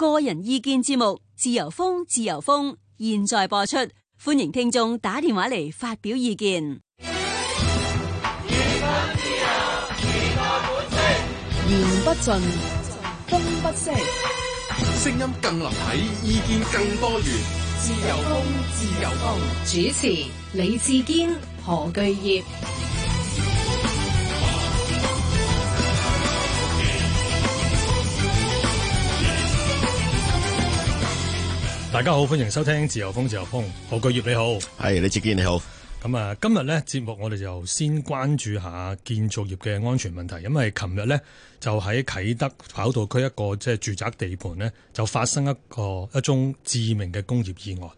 個人意見節目《自由風》，自由風現在播出，歡迎聽眾打電話嚟發表意見。自自自本言不盡，風不息，聲音更立體，意見更多元。自由風，自由風，主持李志堅、何巨業。大家好，歡迎收聽自由風自由風，何巨業你好，係李志堅你好。咁啊，今日呢節目我哋就先關注下建築業嘅安全問題，因為琴日呢，就喺啟德跑道區一個即係住宅地盤呢，就發生一個一宗致命嘅工業意外。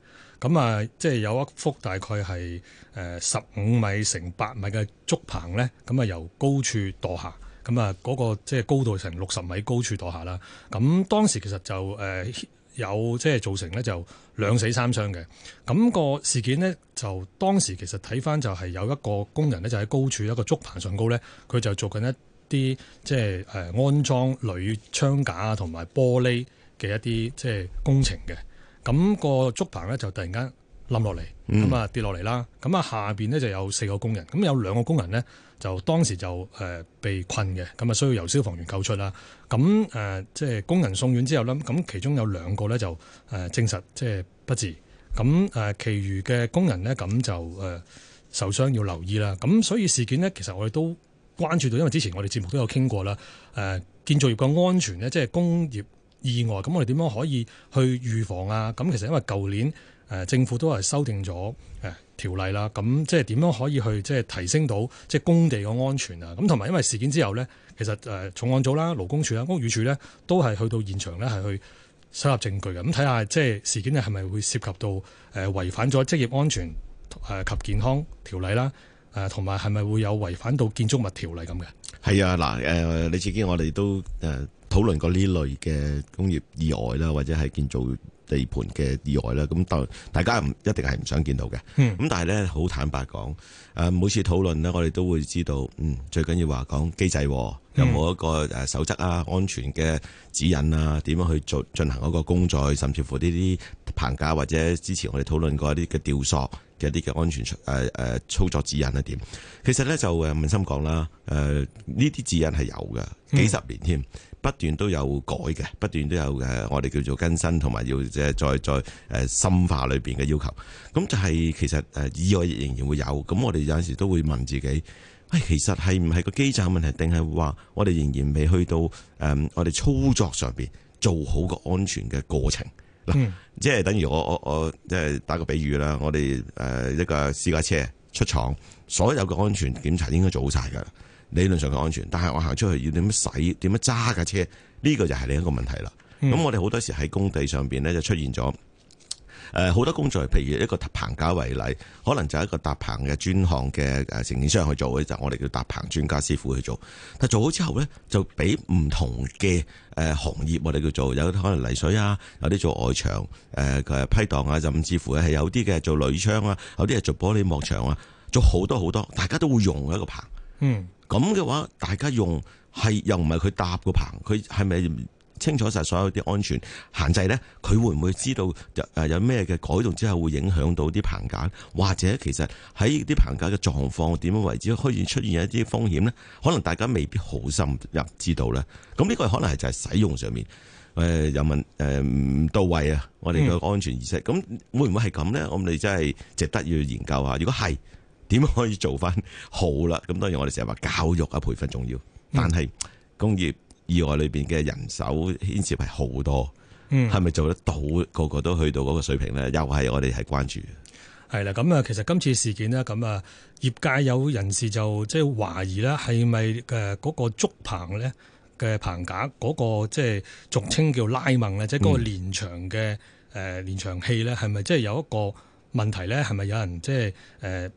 咁啊，即係有一幅大概係誒十五米乘八米嘅竹棚呢，咁啊由高處墮下，咁啊嗰個即係高度成六十米高處墮下啦。咁當時其實就誒，呃有即係造成呢就兩死三傷嘅，咁個事件呢，就當時其實睇返就係有一個工人呢，就喺高處一個竹棚上高呢，佢就做緊一啲即係誒安裝鋁窗架同埋玻璃嘅一啲即係工程嘅，咁個竹棚呢，就突然間冧落嚟。咁啊跌落嚟啦，咁啊、嗯、下邊呢就有四個工人，咁有兩個工人呢，就當時就誒被困嘅，咁啊需要由消防員救出啦。咁誒即係工人送院之後啦，咁其中有兩個呢，就誒證實即係不治，咁誒其餘嘅工人呢，咁就誒受傷要留意啦。咁所以事件呢，其實我哋都關注到，因為之前我哋節目都有傾過啦。誒，建造業嘅安全呢，即係工業意外，咁我哋點樣可以去預防啊？咁其實因為舊年。誒政府都係修訂咗誒條例啦，咁即係點樣可以去即係提升到即係工地嘅安全啊？咁同埋因為事件之後呢，其實誒重案組啦、勞工處啦、屋宇署呢，都係去到現場呢，係去收集證據嘅。咁睇下即係事件咧係咪會涉及到誒違反咗職業安全誒及健康條例啦？誒同埋係咪會有違反到建築物條例咁嘅？係啊，嗱、呃、誒，你自己，我哋都誒討論過呢類嘅工業意外啦，或者係建造地盤嘅意外啦，咁當大家唔一定係唔想見到嘅。咁、嗯、但係呢，好坦白講，誒每次討論呢，我哋都會知道，嗯，最緊要話講機制有冇一個誒守則啊、安全嘅指引啊，點樣去做進行嗰個工作，甚至乎呢啲棚架或者之前我哋討論過一啲嘅吊索嘅一啲嘅安全誒誒、呃、操作指引啊。點？其實呢，就誒問心講啦，誒呢啲指引係有嘅，幾十年添。嗯不斷都有改嘅，不斷都有誒，我哋叫做更新，同埋要即係再再誒深化裏邊嘅要求。咁就係其實誒意外仍然會有。咁我哋有陣時都會問自己，喂、哎，其實係唔係個機制問題，定係話我哋仍然未去到誒、嗯、我哋操作上邊，做好個安全嘅過程？嗱，嗯、即係等於我我我即係打個比喻啦。我哋誒、呃、一個私家車出廠，所有嘅安全檢查應該做好曬㗎。理論上嘅安全，但係我行出去要點樣洗、點樣揸架車？呢、這個就係另一個問題啦。咁、嗯、我哋好多時喺工地上邊咧，就出現咗誒，好多工作。譬如一個搭棚架為例，可能就一個搭棚嘅專項嘅誒承建商去做，就是、我哋叫搭棚專家師傅去做。但做好之後咧，就俾唔同嘅誒行業我哋叫做有可能泥水啊，有啲做外牆誒、呃、批蕩啊，甚至乎咧係有啲嘅做鋁窗啊，有啲係做，做玻璃幕牆啊，做好多好多，大家都會用一個棚。嗯。咁嘅話，大家用係又唔係佢搭個棚，佢係咪清楚晒所有啲安全限制呢？佢會唔會知道有有咩嘅改動之後會影響到啲棚架，或者其實喺啲棚架嘅狀況點樣為止，可以出現一啲風險呢？可能大家未必好深入知道呢。咁呢個可能係就係使用上面誒有問誒唔到位啊！我哋嘅安全意識，咁會唔會係咁呢？我哋真係值得要研究下。如果係。點可以做翻好啦？咁當然我哋成日話教育啊、培訓重要，但係工業意外裏邊嘅人手牽涉係好多，嗯，係咪做得到個個都去到嗰個水平咧？又係我哋係關注嘅。係啦，咁啊，其實今次事件咧，咁啊，業界有人士就即係懷疑咧，係咪誒嗰個竹棚咧嘅棚架嗰個即係俗稱叫拉掹咧，即係嗰個連牆嘅誒連牆器咧，係咪即係有一個問題咧？係咪有人即係誒？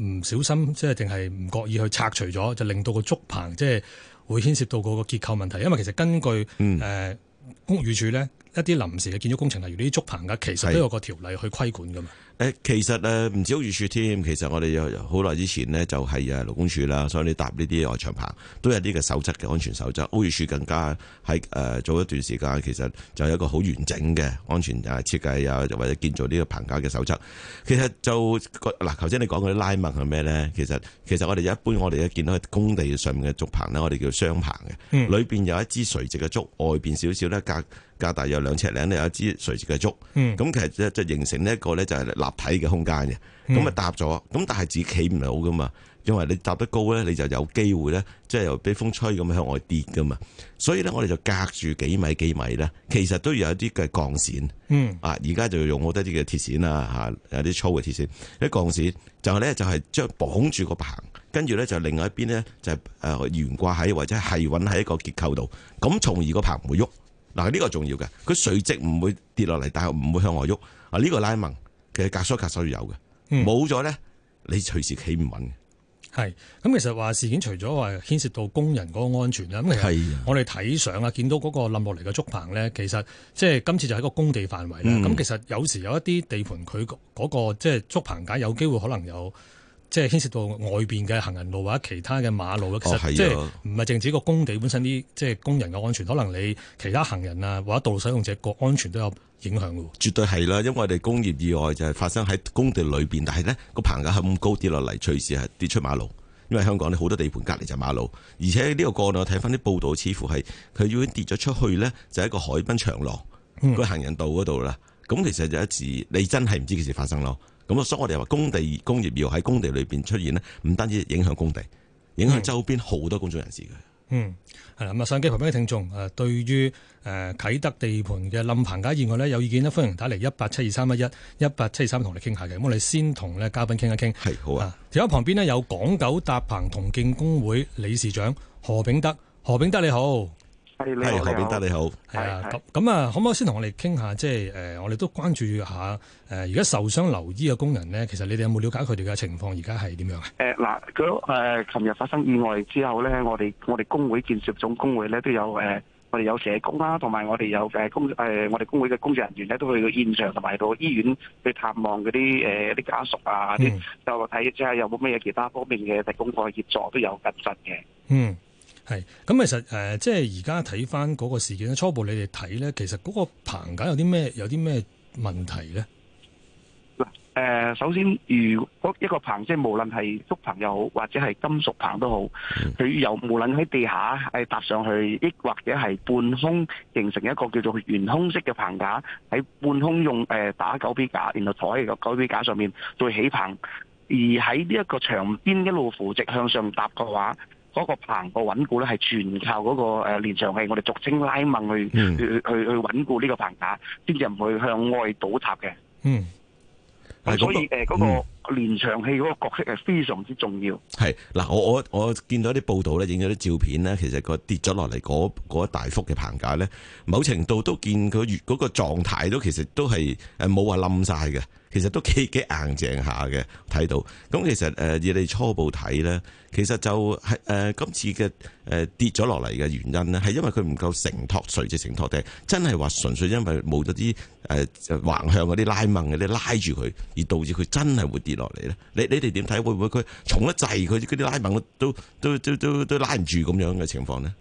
唔小心即係定係唔覺意去拆除咗，就令到個竹棚即係會牽涉到嗰個結構問題。因為其實根據誒、嗯呃、屋宇署咧，一啲臨時嘅建築工程，例如呢啲竹棚㗎，其實都有個條例去規管噶嘛。其實誒唔止屋宇署添，其實我哋好耐之前呢，就係啊勞工署啦，所以你搭呢啲外牆棚都有呢個守則嘅安全守則。屋宇署更加喺誒、呃、早一段時間，其實就有一個好完整嘅安全誒設計啊，或者建造呢個棚架嘅守則。其實就嗱，頭、啊、先你講啲拉麥係咩咧？其實其實我哋一般我哋咧見到喺工地上面嘅竹棚咧，我哋叫雙棚嘅，裏邊有一支垂直嘅竹，外邊少少咧隔隔大約兩尺零有一支垂直嘅竹，咁、嗯、其實就形成呢一個咧就係睇嘅空間嘅咁啊搭咗咁，但係自己企唔到噶嘛？因為你搭得高咧，你就有機會咧，即係由俾風吹咁向外跌噶嘛。所以咧，我哋就隔住幾米幾米咧，其實都要有一啲嘅鋼線，嗯啊，而家就用好多啲嘅鐵線啦，吓有啲粗嘅鐵線一鋼線就係咧，就係將綁住個棚，跟住咧就另外一邊咧就係誒懸掛喺或者係穩喺一個結構度，咁從而個棚唔會喐嗱。呢個重要嘅，佢垂直唔會跌落嚟，但係唔會向外喐啊。呢個拉其實格鎖格鎖要有嘅，冇咗咧，你隨時企唔穩嘅。係咁，其實話事件除咗話牽涉到工人嗰個安全啦，咁其實我哋睇相啊，見到嗰個冧落嚟嘅竹棚咧，其實即係今次就喺個工地範圍啦。咁、嗯、其實有時有一啲地盤佢嗰個即係竹棚架，有機會可能有。即係牽涉到外邊嘅行人路或者其他嘅馬路咯，其實係即係唔係淨止個工地本身啲即係工人嘅安全，可能你其他行人啊或者道路使用者個安全都有影響喎。絕對係啦，因為我哋工業意外就係發生喺工地裏邊，但係咧個棚架咁高跌落嚟，隨時係跌出馬路。因為香港好多地盤隔離就馬路，而且呢個個案，我睇翻啲報道，似乎係佢已經跌咗出去咧，就喺個海濱長廊、個行人道嗰度啦。咁、嗯、其實就一、是、時你真係唔知幾時發生咯。咁啊，所以我哋又話工地工業要喺工地裏邊出現咧，唔單止影響工地，影響周邊好多公眾人士嘅。嗯，係啦，咁啊，相機旁邊嘅聽眾，誒，對於誒啟德地盤嘅冧棚架意外咧，有意見咧，歡迎打嚟一八七二三一一一八七二三同你哋傾下嘅。咁我哋先同咧嘉賓傾一傾，係好啊。電話、啊、旁邊呢有港九搭棚同敬工會理事長何炳德，何炳德你好。係，何炳德，你好，係啊！咁咁啊，可唔可以先同我哋傾下，即係誒，我哋都關注下誒，而、呃、家受傷留醫嘅工人咧，其實你哋有冇了解佢哋嘅情況？而家係點樣啊？誒嗱，佢、呃、誒，琴日發生意外之後咧，我哋我哋工會建設總工會咧都有誒、呃，我哋有社工啦，同埋我哋有誒工誒、呃，我哋工會嘅工作人員咧都去到現場，同埋到醫院去探望嗰啲誒啲家屬啊，啲就睇即係有冇咩其他方面嘅提供過協助，都有跟進嘅。嗯。係，咁、嗯、其實誒、呃，即係而家睇翻嗰個事件咧，初步你哋睇咧，其實嗰個棚架有啲咩，有啲咩問題咧？誒、呃，首先，如果一個棚，即係無論係竹棚又好，或者係金屬棚都好，佢又、嗯、無論喺地下誒搭上去，亦或者係半空形成一個叫做懸空式嘅棚架，喺半空用誒、呃、打狗臂架，然後坐喺個狗臂架上面再起棚，而喺呢一個牆邊一路扶直向上搭嘅話。嗰個棚個穩固咧，係全靠嗰個誒連牆器，我哋俗稱拉掹去、嗯、去去去穩固呢個棚架，先至唔會向外倒塌嘅。嗯，所以誒嗰、嗯、個連牆器嗰個角色係非常之重要。係，嗱，我我我見到啲報道咧，影咗啲照片咧，其實佢跌咗落嚟嗰一大幅嘅棚架咧，某程度都見佢越嗰個狀態都其實都係誒冇話冧晒嘅。其實都幾幾硬淨下嘅，睇到。咁其實誒，呃、以你初步睇咧，其實就係、是、誒、呃、今次嘅誒、呃、跌咗落嚟嘅原因咧，係因為佢唔夠承托，垂直承托地，真係話純粹因為冇咗啲誒橫向嗰啲拉掹嘅拉住佢，而導致佢真係會跌落嚟咧。你你哋點睇？會唔會佢重得滯，佢啲拉掹都都都都都拉唔住咁樣嘅情況咧？誒、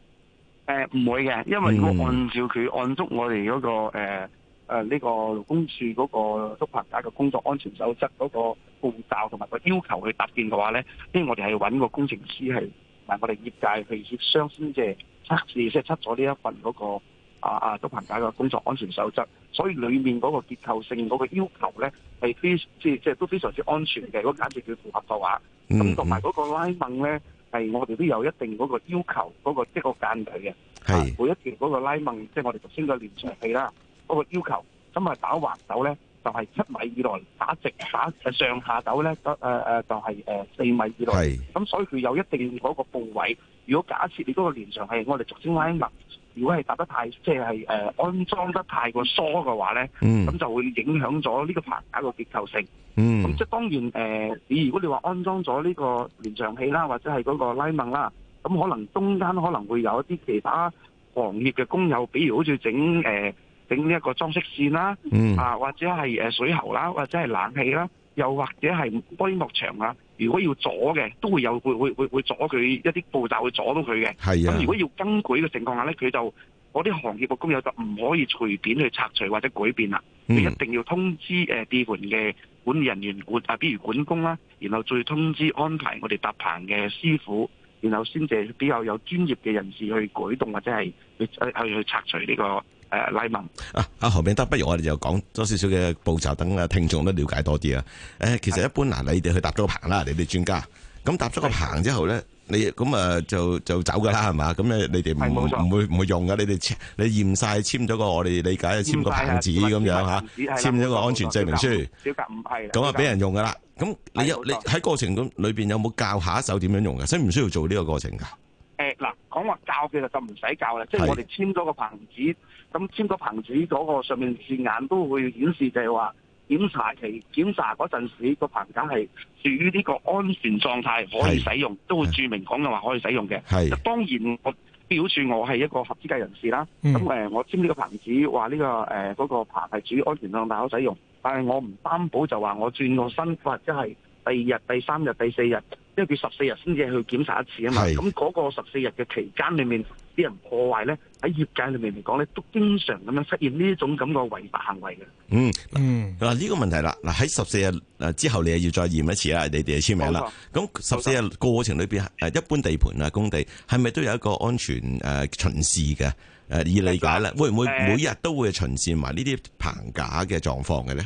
呃，唔會嘅，因為如果按照佢按足我哋嗰、那個誒。嗯誒呢、啊，這個勞工處嗰個督棚架嘅工作安全守則嗰個步驟同埋個要求去搭建嘅話咧，呢我哋係揾個工程師係嗱我哋業界去協商先，即係測試即係測咗呢一份嗰、那個啊啊督棚架嘅工作安全守則，所以裏面嗰個結構性嗰個要求咧係非即即、就是、都非常之安全嘅，嗰間直要符合嘅話，咁同埋嗰個拉孟咧係我哋都有一定嗰個要求，嗰、那個即係、就是、個間距嘅、啊，每一條嗰個拉孟即係、就是、我哋頭先嘅連牆器啦。嗰個要求，咁啊打橫走咧就係、是、七米，呃呃就是、米以內，打直打上下走咧得誒誒就係誒四米以內。咁所以佢有一定嗰個部位。如果假設你嗰個連牆器係我哋俗稱拉物，如果係打得太即係誒安裝得太過疏嘅話咧，咁、mm. 就會影響咗呢個棚架個結構性。咁、mm. 即係當然誒、呃，你如果你話安裝咗呢個連牆器啦，或者係嗰個拉物啦，咁可能中間可能會有一啲其他行業嘅工友，比如好似整誒。呃整呢一個裝飾線啦、啊，啊或者係誒水喉啦，或者係冷氣啦、啊，又或者係玻璃幕牆啊。如果要阻嘅，都會有會會會會阻佢一啲步驟，會阻，會阻到佢嘅。係咁、啊、如果要更改嘅情況下咧，佢就我啲行業嘅工友就唔可以隨便去拆除或者改變啦。你、嗯、一定要通知誒地盤嘅管理人員管啊，比如管工啦、啊，然後再通知安排我哋搭棚嘅師傅，然後先至比較有專業嘅人士去改動或者係去去去拆除呢、這個。誒拉問啊，阿何炳德，不如我哋就講多少少嘅步驟，等啊聽眾都瞭解多啲啊！誒，其實一般嗱，你哋去搭咗個棚啦，你哋專家咁搭咗個棚之後咧，你咁啊就就走噶啦，係嘛？咁誒，你哋唔唔會唔會用噶？你哋簽你驗曬簽咗個，我哋理解簽個棚紙咁樣嚇，簽咗個安全證明書，小格五批，咁啊俾人用噶啦。咁你有你喺過程咁裏邊有冇教下一手點樣用嘅？需唔需要做呢個過程㗎？咁話教其實就唔使教啦，是即係我哋簽咗個棚子，咁簽咗棚子嗰個上面字眼都會顯示，就係話檢查期檢查嗰陣時個棚架係處於呢個安全狀態可以使用，是都會注明講嘅話可以使用嘅。係是當然我表示我係一個合資格人士啦。咁誒、嗯，我簽呢個棚子話呢、這個誒嗰、呃那個棚係處於安全狀態可使用，但係我唔擔保就話我轉個身或者係第二日、第三日、第四日。因為佢十四日先至去檢查一次啊嘛，咁嗰是個十四日嘅期間裏面啲人破壞咧，喺業界裏面嚟講咧，都經常咁樣出現呢種咁嘅違法行為嘅、嗯。嗯嗯，嗱呢個問題啦，嗱喺十四日誒之後你要再一次，你又要再驗一次啦，你哋嘅簽名啦。咁十四日過程裏邊誒，錯一般地盤啊、工地係咪都有一個安全誒巡視嘅誒？以理解啦，錯會唔會每日都會巡視埋呢啲棚架嘅狀況嘅咧？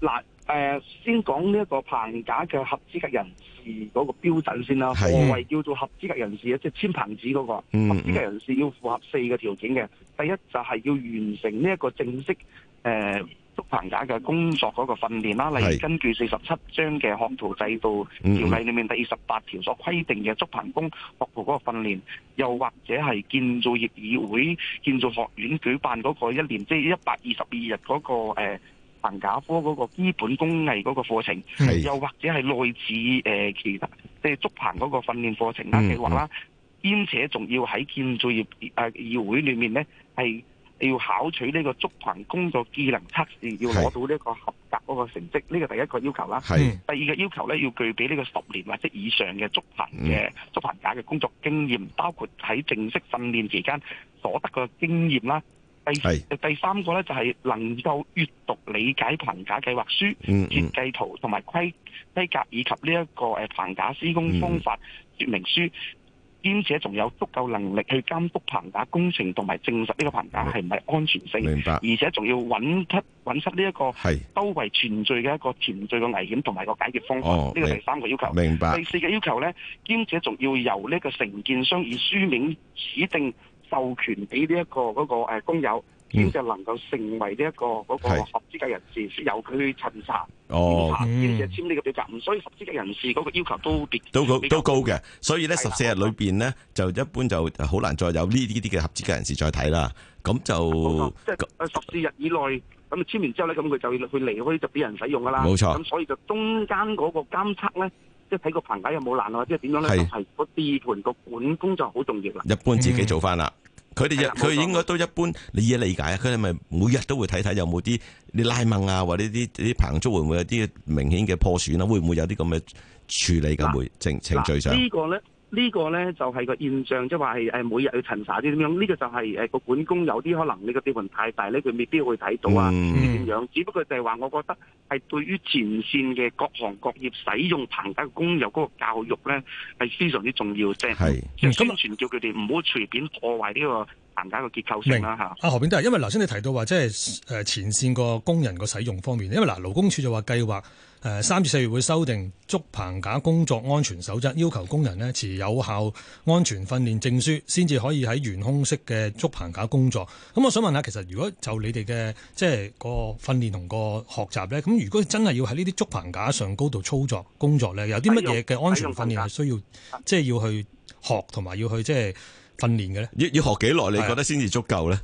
嗱、呃。誒、呃、先講呢一個棚架嘅合資格人士嗰個標準先啦、啊，何謂的叫做合資格人士啊？即係簽棚子嗰、那個、嗯、合資格人士要符合四個條件嘅。第一就係要完成呢一個正式誒竹、呃、棚架嘅工作嗰個訓練啦、啊，例如根據四十七章嘅學徒制度條例裏面第二十八條所規定嘅竹棚工學徒嗰個訓練，又或者係建造業議會、建造學院舉辦嗰個一年即係一百二十二日嗰個、呃棚架科嗰個基本工藝嗰個課程，是又或者係類似誒、呃、其他即係竹棚嗰個訓練課程啦、啊、計劃啦，兼話且仲要喺建造業誒、呃、議會裏面呢，係要考取呢個竹棚工作技能測試，是要攞到呢個合格嗰個成績，呢、這個第一個要求啦。是第二個要求呢，要具備呢個十年或者以上嘅竹棚嘅、嗯、竹棚架嘅工作經驗，包括喺正式訓練期間所得嘅經驗啦。第是第三個咧就係能夠閱讀理解棚架計劃書、嗯嗯、設計圖同埋規規格，以及呢一個誒棚架施工方法說明書，嗯、兼且仲有足夠能力去監督棚架工程同埋證實呢個棚架係唔係安全性，明白而且仲要揾出揾出呢一個周圍存在嘅一個潛在嘅危險同埋個解決方法呢、哦、個第三個要求。明白。第四個要求咧，兼且仲要由呢個承建商以書面指定。授權俾呢一個嗰個誒工友，先至、嗯、能夠成為呢一個嗰個合資格人士，是由佢去巡、哦、查、檢查、嗯，簽呢個表格。所以合資格人士嗰個要求都比較高都高都高嘅。所以咧十四日裏邊咧，的就一般就好難再有呢啲啲嘅合資格人士再睇啦。咁、嗯、就冇錯，即係十四日以內，咁簽完之後咧，咁佢就要去離開，就俾人使用噶啦。冇錯，咁所以就中間嗰個監測咧。即係睇個棚架有冇爛啊？即係點樣咧？係係個地盤個管工作好重要啦。一般自己做翻啦，佢哋佢應該都一般，你要理解佢哋咪每日都會睇睇有冇啲啲拉掹啊，或者啲啲棚竹會唔會有啲明顯嘅破損啊？會唔會有啲咁嘅處理嘅梅程程序上？啊啊這個呢這個呢個咧就係、是、個現象，即係話係每日要巡查啲點樣？呢、這個就係誒個管工有啲可能你個地盤太大咧，佢未必會睇到啊點、嗯、樣？只不過就係話，我覺得係對於前線嘅各行各業使用棚架工友嗰個教育咧，係非常之重要嘅，即係宣傳叫佢哋唔好隨便破壞呢、這個。棚架個結構性啦嚇，阿何炳都係，因為頭先你提到話，即係誒前線個工人個使用方面，因為嗱勞工處就話計劃誒三至四月會修訂竹棚架工作安全守則，要求工人呢持有效安全訓練證書，先至可以喺懸空式嘅竹棚架工作。咁我想問下，其實如果就你哋嘅即係個訓練同個學習咧，咁如果真係要喺呢啲竹棚架上高度操作工作咧，有啲乜嘢嘅安全訓練係需要，即係要去學同埋要去即係。訓練嘅咧，要要學幾耐？你覺得先至足夠咧？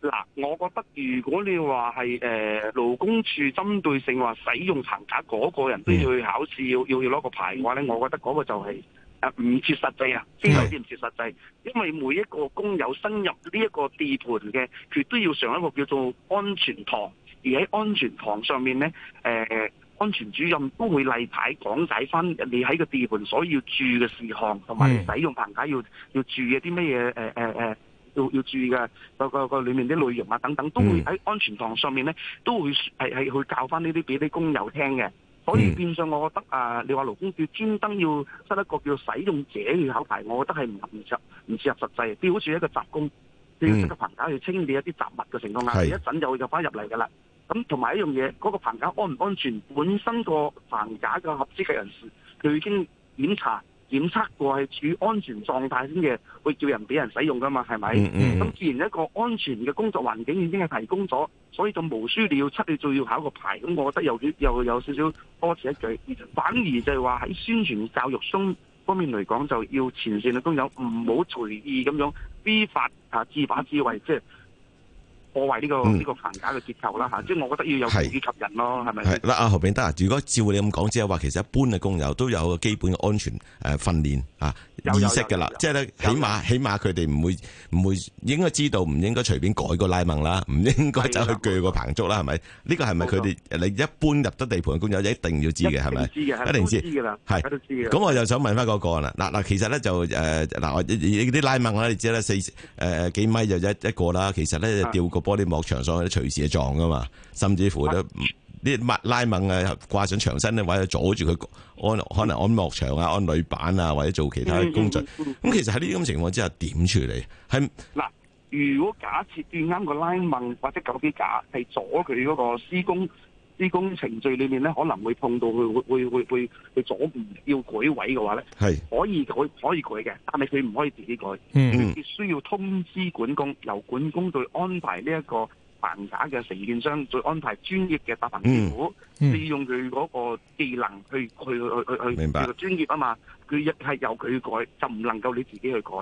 嗱的，我覺得如果你話係誒勞工處針對性話使用棚架嗰個人都要去考試，要要要攞個牌嘅話咧，我覺得嗰個就係誒唔切實際啊，邊有啲唔切實際？因為每一個工友進入呢一個地盤嘅，佢都要上一個叫做安全堂，而喺安全堂上面咧，誒、呃。安全主任都會例牌講解翻你喺個地盤所要注嘅事項，同埋、嗯、使用棚架要要注意啲咩嘢？要住、呃呃、要注意嘅個個個裏面啲內容啊等等，都會喺安全堂上面咧，都會係係去教翻呢啲俾啲工友聽嘅。所以變相我覺得、嗯、啊，你話勞工叫專登要執一個叫使用者嘅考牌，我覺得係唔現實，唔切合實際嘅。好似一個雜工，佢要一個棚架去清理一啲雜物嘅情況下，嗯、一陣就會就翻入嚟㗎喇。咁同埋一樣嘢，嗰個棚架安唔安全？本身個棚架嘅合資嘅人士，佢已經檢查檢測過係處於安全狀態先嘅，會叫人俾人使用噶嘛？係咪？咁既、嗯嗯、然一個安全嘅工作環境已經係提供咗，所以就無需你要出去，仲要考個牌。咁我覺得有啲又有少少多此一舉。反而就係話喺宣傳教育方方面嚟講，就要前線嘅工友唔好隨意咁樣非法啊，自把自為，即係破壞呢個呢個行家嘅結構啦嚇，即係我覺得要有刺激人咯，係咪？係嗱，阿何炳德啊，如果照你咁講，即係話其實一般嘅工友都有基本嘅安全誒訓練啊意識㗎啦，即係咧起碼起碼佢哋唔會唔會應該知道唔應該隨便改個拉盟啦，唔應該走去鋸個棚竹啦，係咪？呢個係咪佢哋你一般入得地盤嘅工友一定要知嘅係咪？一定知嘅啦，係。咁我又想問翻嗰個啦，嗱嗱，其實咧就誒嗱，啲拉盟我哋知啦，四誒幾米就一一個啦，其實咧就吊個。玻璃幕牆上佢隨時就撞㗎嘛，甚至乎都啲拉孟啊掛上牆身咧，或者阻住佢安可能安幕牆啊、安鋁板啊，或者做其他嘅工序。咁 其實喺呢啲咁情況之下點處理？係嗱，如果假設遇啱個拉孟或者究竟假係阻佢嗰個施工。施工程序裏面咧，可能會碰到佢會會會會，會阻唔要改位嘅話咧，係是可以改可以改嘅，但係佢唔可以自己改，佢必須要通知管工，由管工再安排呢一個棚架嘅承建商再、嗯、安排專業嘅搭棚師傅，嗯、利用佢嗰個技能去去去去去，去去明白，專業啊嘛，佢係由佢改，就唔能夠你自己去改，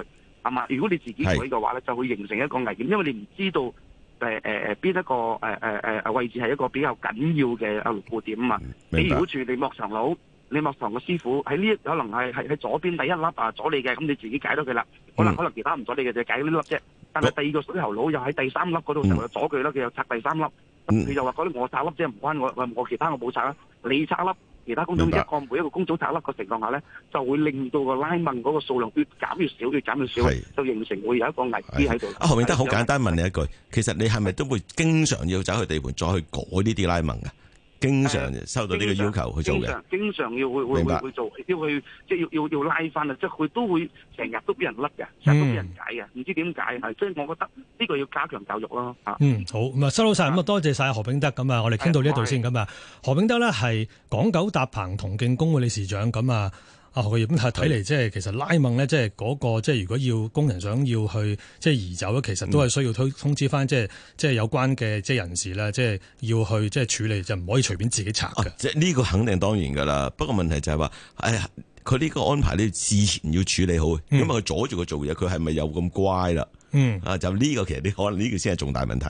係嘛？如果你自己改嘅話咧，是就會形成一個危險，因為你唔知道。誒誒誒，邊、呃、一個誒誒誒位置係一個比較緊要嘅啊弱點啊？你白如果住李莫長佬，李莫長嘅師傅喺呢一可能係係喺左邊第一粒啊阻你嘅，咁你自己解到佢啦。可能、嗯、可能其他唔阻你嘅，就解呢粒啫。但係第二個水喉佬又喺第三粒嗰度阻佢咯，佢又拆第三粒。佢、嗯、就話嗰啲我拆粒啫，唔關我我其他我冇拆啊，你拆粒。其他工種一個每一個工種拆甩嘅情況下咧，就會令到個拉盟嗰個數量越減越少，越減越少，的就形成會有一個危機喺度。阿何炳德，好簡單問你一句，其實你係咪都會經常要走去地盤再去改呢啲拉盟嘅？經常收到呢個要求去做嘅，經常要會明白會會做，要去即係要要要拉翻啊！即係佢都會成日都俾人甩嘅，成日都俾人解嘅，唔、嗯、知點解啊！所以我覺得呢個要加強教育咯。啊、嗯，好咁啊，收到晒咁啊，多謝晒何炳德咁啊，我哋傾到呢一度先咁啊。何炳德咧係港九搭棚同敬工會理事長咁啊。啊何咁睇嚟，即係其實拉孟咧，即係嗰個即係如果要工人想要去即係移走咧，其實都係需要推通知翻，即係即係有關嘅即係人士咧，即係要去即係處理，就唔可以隨便自己拆嘅。即係呢個肯定當然噶啦。不過問題就係話，哎呀，佢呢個安排你之前要處理好，因為佢阻住佢做嘢，佢係咪又咁乖啦？嗯，嗯啊，就呢個其實你可能呢個先係重大問題。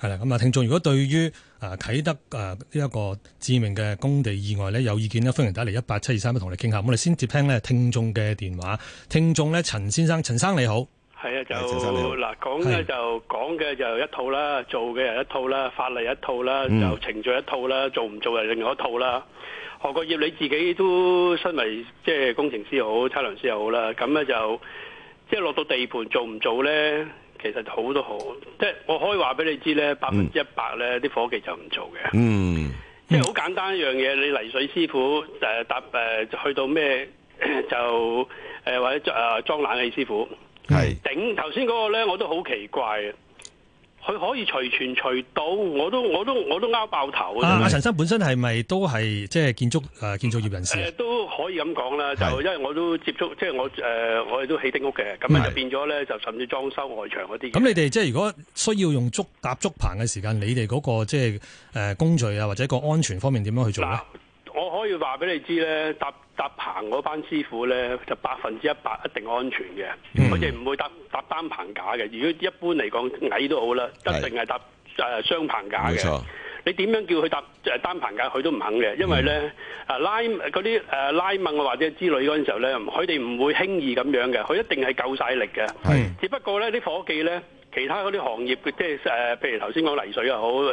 係啦，咁啊，聽眾，如果對於啊啟德啊呢一個致命嘅工地意外咧有意見咧，歡迎打嚟一八七二三一，同你傾傾下。我哋先接聽咧聽眾嘅電話。聽眾咧，陳先生，陳生你好。係啊，就嗱講咧，先生你好就講嘅的就一套啦，做嘅又一套啦，法例一套啦，嗯、就程序一套啦，做唔做又另外一套啦。何國業，你自己都身為即係工程師又好，測量師又好啦，咁咧就即係、就係、落到地盤做唔做咧？其實好都好，即係我可以話俾你知咧，百分之一百咧，啲伙計就唔做嘅。嗯，即係好簡單一樣嘢，你泥水師傅誒搭、呃、去到咩就、呃、或者、呃、裝裝冷氣師傅係是頂頭先嗰個咧，我都好奇怪。佢可以隨傳隨到，我都我都我都拗爆頭啊！阿陳生本身係咪都係即係建築誒建築業人士啊？誒都可以咁講啦，就因為我都接觸即係我誒我哋都起丁屋嘅，咁就變咗咧，就甚至裝修外牆嗰啲。咁你哋即係如果需要用竹搭竹棚嘅時間，你哋嗰個即係誒工序啊，或者個安全方面點樣去做咧？我可以話俾你知咧，搭搭棚嗰班師傅咧就百分之一百一定安全嘅，佢哋唔會搭搭單棚架嘅。如果一般嚟講，矮都好啦，一定係搭誒是、呃、雙棚架嘅。錯你點樣叫佢搭誒、呃、單棚架，佢都唔肯嘅，因為咧誒、嗯、拉啲誒、呃、拉問啊或者之類嗰陣時候咧，佢哋唔會輕易咁樣嘅，佢一定係夠晒力嘅。是只不過咧，啲伙計咧，其他嗰啲行業，即係誒、呃，譬如頭先講泥水又好，誒誒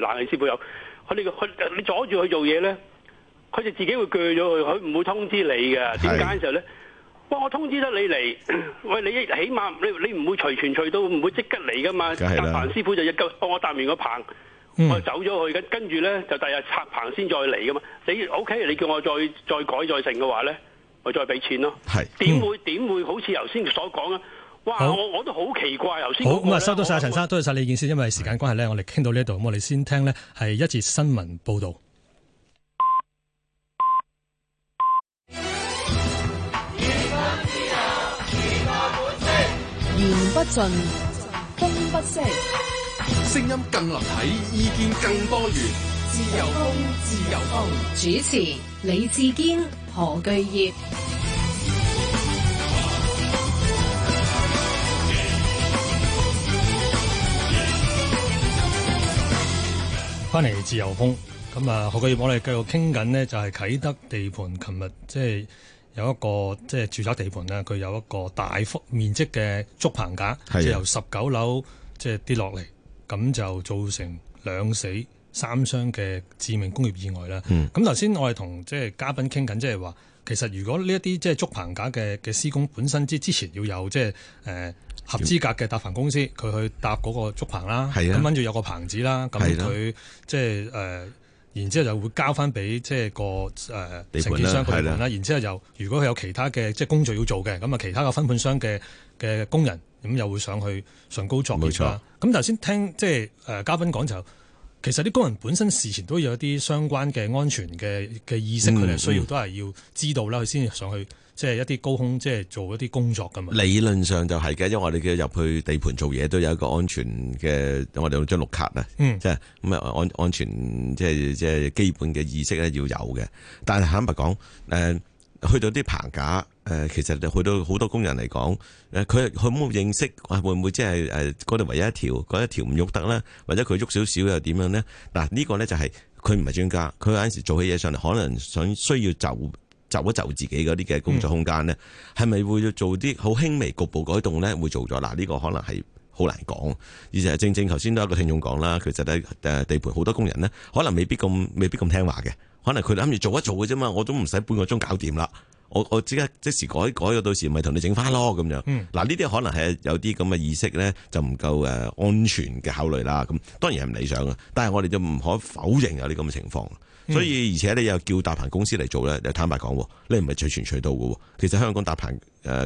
冷氣師傅又好，佢哋佢你阻住佢做嘢咧。佢就自己會鋸咗佢，佢唔會通知你嘅。點解嘅時候咧？哇！我通知得你嚟，喂你起碼你你唔會隨傳隨到，唔會即刻嚟噶嘛？阿彭師傅就一嚿，幫我搭完個棚，我走咗去，跟跟住咧就第二日拆棚先再嚟噶嘛？你 OK？你叫我再再改再成嘅話咧，我再俾錢咯。係點會點會好似頭先所講啊？哇！我我都好奇怪頭先好咁啊！收到曬陳生，多謝曬你意見先，因為時間關係咧，我哋傾到呢度，咁我哋先聽咧係一節新聞報導。言不盡，風不息，聲音更立體，意見更多元。自由風，自由風。主持李志堅、何巨業。翻嚟自由風，咁啊，何巨業，我哋繼續傾緊呢，就係、是、啟德地盤，琴日即係。就是有一個即係住宅地盤咧，佢有一個大幅面積嘅竹棚架，即係由十九樓即係跌落嚟，咁就造成兩死三傷嘅致命工業意外啦。咁頭先我係同即係嘉賓傾緊，即係話其實如果呢一啲即係竹棚架嘅嘅施工本身，之之前要有即係誒合資格嘅搭棚公司，佢去搭嗰個竹棚啦，咁跟住有個棚子啦，咁佢即係誒。然之後就會交翻俾即係個誒承建商去判啦。啊、的然之後又，如果佢有其他嘅即係工序要做嘅，咁啊其他嘅分判商嘅嘅工人咁又會上去上高作業啦、啊。咁頭先聽即係誒嘉賓講就，其實啲工人本身事前都有一啲相關嘅安全嘅嘅意識，佢哋需要、嗯、都係要知道啦，佢先至上去。即係一啲高空，即係做一啲工作噶嘛。理論上就係嘅，因為我哋嘅入去地盤做嘢都有一個安全嘅，我哋要張綠卡啊、嗯。即係咁啊，安安全即係即係基本嘅意識咧要有嘅。但係坦白講，誒、呃、去到啲棚架，誒、呃、其實去到好多工人嚟講，誒佢佢冇認識會會、就是，會唔會即係誒嗰度唯一條唯一條嗰一條唔喐得咧，或者佢喐少少又點樣咧？嗱、呃，呢、呢個咧就係佢唔係專家，佢有陣時做起嘢上嚟，可能想需要就。就一就自己嗰啲嘅工作空間咧，係咪會做啲好輕微局部改動咧？會做咗嗱，呢個可能係好難講，而就正正頭先都有一個聽眾講啦。其實咧，誒地盤好多工人咧，可能未必咁未必咁聽話嘅，可能佢諗住做一做嘅啫嘛，我都唔使半個鐘搞掂啦。我我即刻即時改改咗，到時咪同你整翻咯咁樣。嗱，呢啲可能係有啲咁嘅意識咧，就唔夠誒安全嘅考慮啦。咁當然係唔理想嘅，但係我哋就唔可否認有呢咁嘅情況。所以而且你又叫搭棚公司嚟做咧，又坦白講，你唔係最全渠到隨傳隨到嘅。其實香港搭棚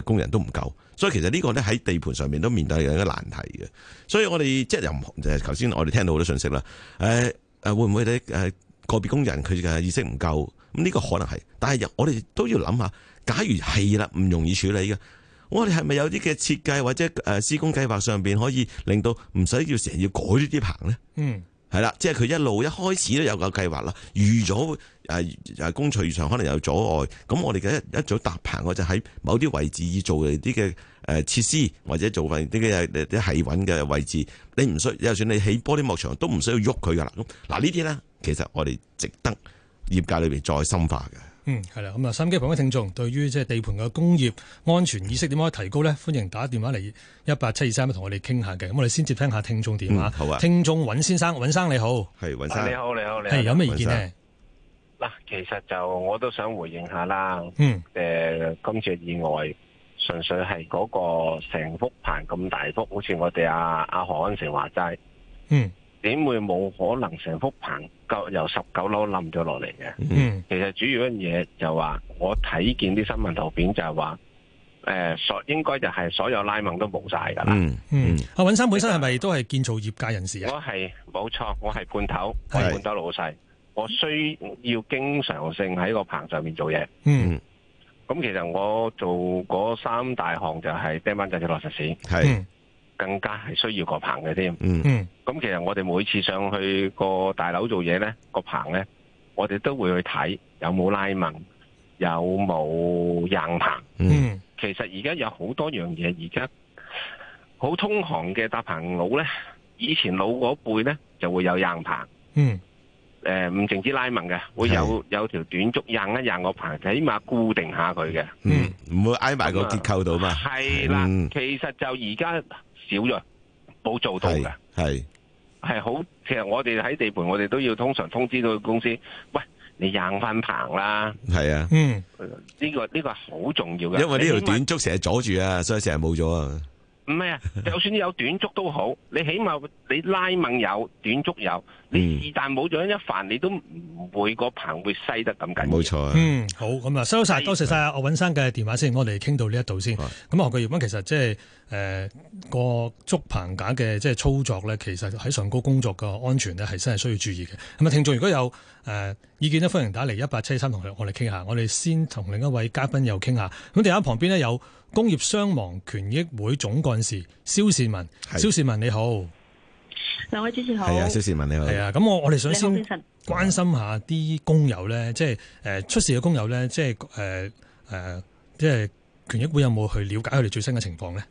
工人都唔夠，所以其實呢個咧喺地盤上面都面對有一個難題嘅。所以我哋即係由頭先我哋聽到好多信息啦。誒、哎、會唔會咧誒個別工人佢嘅意識唔夠？咁、這、呢個可能係，但係我哋都要諗下，假如係啦，唔容易處理嘅，我哋係咪有啲嘅設計或者施工計劃上面可以令到唔使要成日要改啲棚咧？嗯。係啦，即係佢一路一開始都有個計劃啦，預咗誒誒，工序上可能有阻礙，咁我哋嘅一一早搭棚，我就喺某啲位置以做啲嘅誒設施，或者做份啲嘅啲係穩嘅位置，你唔需要，就算你起玻璃幕牆都唔需要喐佢噶啦。咁嗱呢啲咧，其實我哋值得業界裏邊再深化嘅。嗯，係啦，咁、嗯、啊、嗯，收音機旁嘅各位聽眾，對於即係地盤嘅工業安全意識點樣可以提高咧？歡迎打電話嚟一八七二三一，同我哋傾下嘅。咁我哋先接聽下聽眾電話。好啊，聽眾尹先生，尹生你好，係尹生、啊，你好，你好，你好，有咩意見咧？嗱，其實就我都想回應一下啦。嗯。誒，今次意外純粹係嗰個成幅棚咁大幅，好似我哋阿阿何安成話齋。嗯。嗯點會冇可能成幅棚夠由十九樓冧咗落嚟嘅？嗯，其實主要一樣嘢就話，我睇見啲新聞圖片就係話，誒，所應該就係所有拉盟都冇晒㗎喇。嗯，阿尹生本身係咪都係建造業界人士啊？我係冇錯，我係判頭，係判頭老細，我需要經常性喺個棚上面做嘢。嗯，咁其實我做嗰三大行就係釘板仔嘅落石屎，係。更加係需要個棚嘅添。嗯，咁其實我哋每次上去個大樓做嘢咧，個棚咧，我哋都會去睇有冇拉紋，有冇硬棚。嗯，其實而家有好多樣嘢，而家好通行嘅搭棚佬咧，以前老嗰輩咧就會有硬棚。嗯，誒唔淨止拉紋嘅，會有有條短竹硬一硬個棚，起碼固定下佢嘅。嗯，唔會挨埋個結構度嘛。係啦，其實就而家。少咗，冇做到嘅，係係好，其實我哋喺地盤，我哋都要通常通知到公司，喂，你掹翻棚啦，係啊，嗯，呢個呢個好重要嘅，因為呢條短竹成日阻住啊，所以成日冇咗啊。唔係啊，就算有短竹都好，你起碼你拉掹有短竹有，你二但冇咗一凡，嗯、你都唔會個棚會細得咁緊要，冇錯，沒錯啊、嗯，好，咁啊，收晒的，多謝晒阿尹生嘅電話先，我哋傾到呢一度先。咁啊的，何炳德，咁其實即係誒個竹棚架嘅即係操作咧，其實喺、就是呃、上高工作嘅安全咧係真係需要注意嘅。咁啊，聽眾如果有誒、呃、意見呢，歡迎打嚟一八七三同我哋傾下。我哋先同另一位嘉賓又傾下。咁電話旁邊呢，有。工業傷亡權益會總幹事蕭倩文，蕭倩、啊、文你好，兩位主持好，係啊，蕭倩文你好，係啊，咁我我哋想先關心下啲工友咧，即係誒出事嘅工友咧，即係誒誒，即、呃、係、呃就是、權益會有冇去了解佢哋最新嘅情況咧？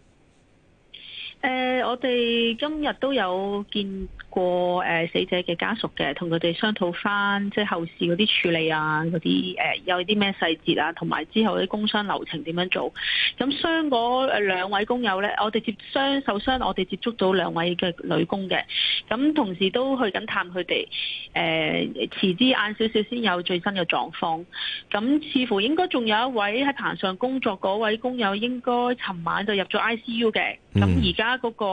誒，我哋今日都有見過誒死者嘅家屬嘅，同佢哋商討翻即係後事嗰啲處理啊，嗰啲誒有啲咩細節啊，同埋之後啲工傷流程點樣做。咁傷嗰誒兩位工友咧，我哋接傷受傷，我哋接觸到兩位嘅女工嘅，咁同時都去緊探佢哋。誒，遲啲晏少少先有最新嘅狀況。咁似乎應該仲有一位喺棚上工作嗰位工友，應該尋晚就入咗 ICU 嘅。咁而家。而家嗰個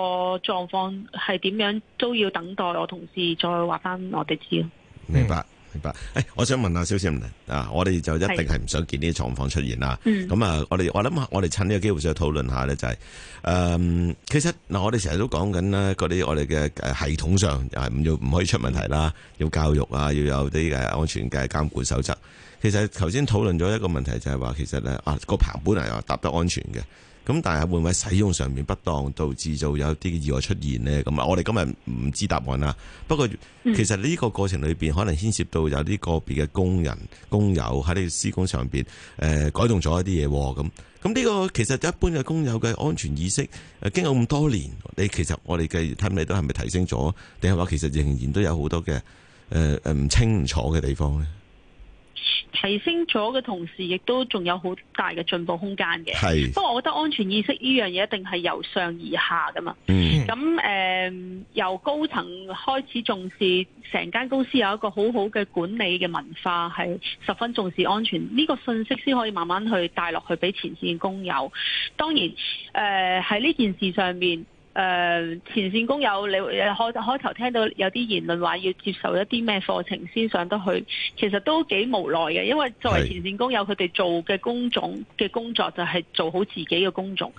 狀況係點樣，都要等待我同事再話翻我哋知。明白，明白。誒、哎，我想問一下蕭先生啊，我哋就一定係唔想見呢啲狀況出現啦。咁啊是，我哋我諗，我哋趁呢個機會再討論下咧，就係、是、誒、嗯，其實嗱，我哋成日都講緊咧，嗰啲我哋嘅系統上又係唔要唔可以出問題啦，要教育啊，要有啲嘅安全嘅監管守則。其實頭先討論咗一個問題，就係、是、話其實咧啊，個棚本嚟啊搭得安全嘅。咁但係會唔會使用上面不當，導致就有啲意外出現呢？咁啊，我哋今日唔知答案啦。不過其實呢個過程裏邊，可能牽涉到有啲個別嘅工人、工友喺你施工上邊，誒改動咗一啲嘢。咁咁呢個其實一般嘅工友嘅安全意識，誒經過咁多年，你其實我哋嘅睇嚟都係咪提升咗？定係話其實仍然都有好多嘅，誒誒唔清唔楚嘅地方呢？提升咗嘅同時，亦都仲有好大嘅進步空間嘅。係，不過我覺得安全意識呢樣嘢一定係由上而下噶嘛。咁誒、嗯呃，由高層開始重視，成間公司有一個好好嘅管理嘅文化，係十分重視安全。呢個信息先可以慢慢去帶落去俾前線工友。當然，誒喺呢件事上面。誒、呃，前線工友，你開開頭聽到有啲言論話要接受一啲咩課程先上得去，其實都幾無奈嘅，因為作為前線工友，佢哋做嘅工種嘅工作就係做好自己嘅工種。